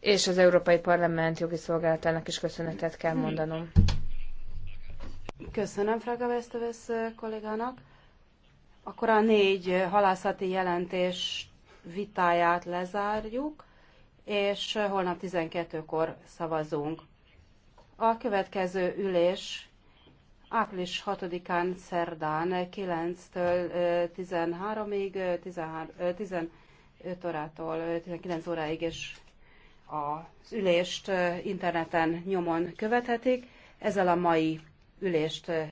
és az Európai Parlament jogi szolgálatának is köszönetet kell mondanom. Köszönöm Fraga Vesztövesz eh, kollégának. Akkor a négy eh, halászati jelentés vitáját lezárjuk, és eh, holnap 12-kor szavazunk. A következő ülés április 6-án szerdán 9-től 13-ig, 15 órától 19 óráig és az ülést interneten nyomon követhetik. Ezzel a mai ülést